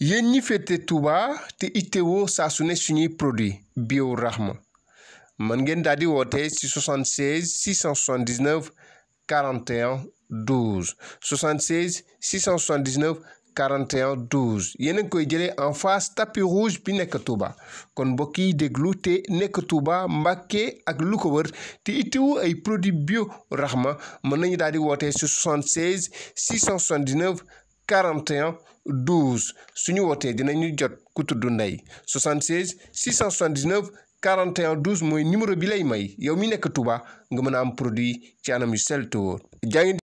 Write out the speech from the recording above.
yéen ñi féete Touba te itteewoo saa su ne suñuy produit bio Rahma mën ngeen daal di woote ci 76 679 41 12 76 679 41 12 yéen a ngi koy jëlee en face tapis rouge bi nekk Touba kon mbokk yi déglu te nekk Touba Mbàkke ak lu ko wër te itteewu ay produit bio Rahma mën nañu daal di woote ci 76 679 41 12 suñu wootee dinañu jot ku tudd Ndeye 76 679 41 12 mooy numéro bi lay may yow mi nekk Touba nga mën a am produit ci anam yu sell te wóor jaa